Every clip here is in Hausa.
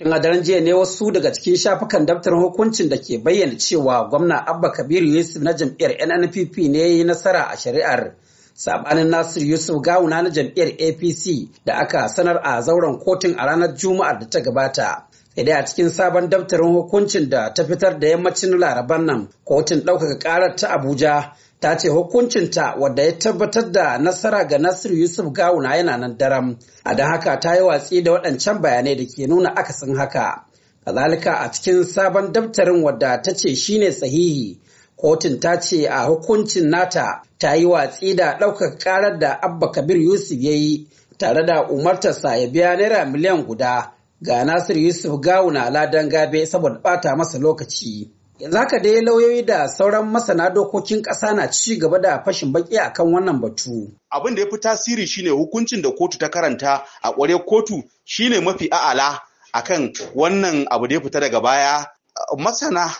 Tun a daren jiya ne wasu daga cikin shafukan daftarin hukuncin da ke bayyana cewa gwamna Abba Kabiru Yusuf na jam'iyyar NNPP ne ya yi nasara a shari'ar. Sabanin Nasir Yusuf Gawuna na jam'iyyar APC da aka sanar a zauren kotun a ranar Juma'ar da ta gabata. Sai dai a cikin sabon daftarin hukuncin da ta fitar da yammacin Laraban nan, kotun ɗaukaka ƙarar ta Abuja ta ce hukuncinta wadda ya tabbatar da nasara ga Nasiru Yusuf Gawuna yana nan daram. A da haka ta yi watsi da waɗancan bayanai da ke nuna akasin haka. Kazalika a cikin sabon daftarin wadda ta ce shine sahihi, kotun ta ce a hukuncin nata ta yi watsi da ɗaukar ƙarar da Abba Kabir Yusuf ya yi tare da umartarsa ya biya naira miliyan guda ga Nasiru Yusuf Gawuna ladan gabe saboda ɓata masa lokaci. Yanzu haka dai lauyoyi da sauran masana dokokin ƙasa na ci gaba da fashin baki akan wannan batu. Abin da ya fi tasiri shine hukuncin da kotu ta karanta a ƙware kotu shine mafi a'ala akan wannan abu da ya fita daga baya. Masana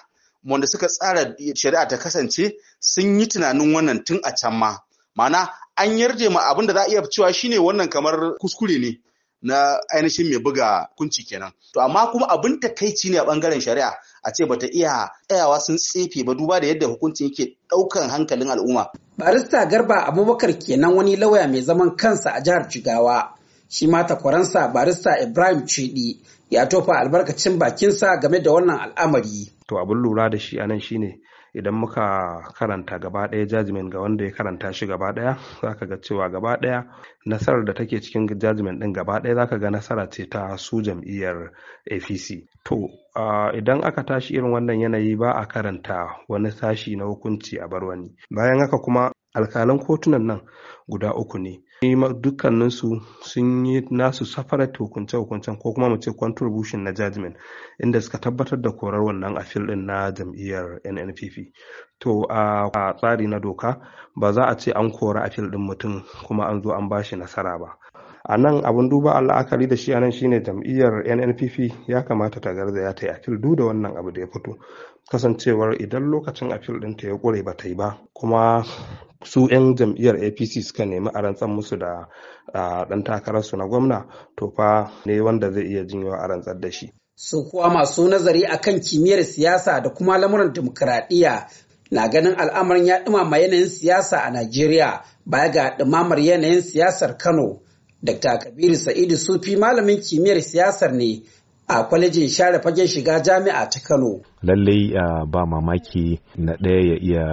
wanda suka tsara shari'a ta kasance sun yi tunanin wannan tun a can ma. Ma'ana an yarje ma abin da za a iya cewa shine wannan kamar kuskure ne na ainihin mai buga kunci kenan to amma kuma abin takaici ne a bangaren shari'a a ce bata iya tsayawa sun tsefe ba duba da yadda hukuncin yake ɗaukan hankalin al'umma barista garba abubakar kenan wani lauya mai zaman kansa a jihar jigawa shi ma takwaransa barista ibrahim cidi ya tofa albarkacin bakinsa game da wannan al'amari to abin lura da shi anan shine idan muka karanta gaba ɗaya jajimen ga wanda ya karanta shi gaba ɗaya ka ga cewa gaba ɗaya nasarar da take cikin jajimen ɗin gaba ɗaya ka ga nasara ce ta su jam'iyyar apc to idan aka tashi irin wannan yanayi ba a karanta wani sashi na hukunci a bar wani bayan haka kuma alkalan kotunan nan guda uku ne dukkaninsu sun yi nasu safarar hukunce-hukuncen ko kuma mu ce contribution na judgment inda suka tabbatar da korar wannan afil din na jam'iyyar nnpp to a tsari na doka ba za a ce an kora afil din mutum kuma an zo an bashi nasara ba a nan abin duba al'akari da shi a nan shine jam'iyyar nnpp ya kamata ta garzaya ta yi afil du da wannan abu da ya fito kasancewar idan lokacin afil ɗinta ya ƙure ba ta yi ba kuma su 'yan jam'iyyar apc suka nemi a rantsar musu da dan takararsu na gwamna to fa ne wanda zai iya jinyo a rantsar da shi su kuwa masu nazari akan kimiyyar siyasa da kuma lamuran dimokuraɗiyya na ganin al'amarin ya ɗumama yanayin siyasa a najeriya baya ga ɗumamar yanayin siyasar kano dr kabiru sa'idu sufi malamin kimiyyar siyasar ne a kwalejin share fagen shiga jami'a ta Kano. Lallai ba mamaki na ɗaya ya iya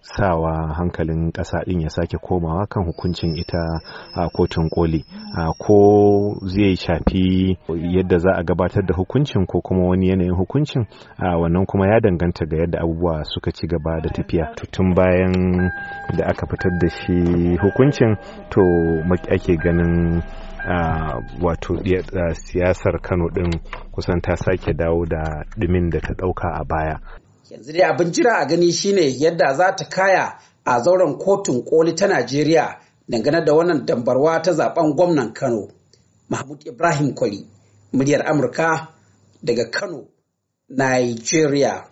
sawa hankalin ƙasa ɗin ya sake komawa kan hukuncin ita a kotun koli ko zai shafi yadda za a gabatar da hukuncin ko kuma wani yanayin hukuncin wannan kuma ya danganta ga yadda abubuwa suka ci gaba da tafiya tun bayan da aka fitar da shi hukuncin to ake ganin wato siyasar kano din kusan ta sake dawo da ɗumin da ta ɗauka a baya yanzu dai abin jira a gani shine yadda za ta kaya a zauren kotun koli ta najeriya dangane da wannan dambarwa ta zaben gwamnan kano mahmud ibrahim kwari muryar amurka daga kano nigeria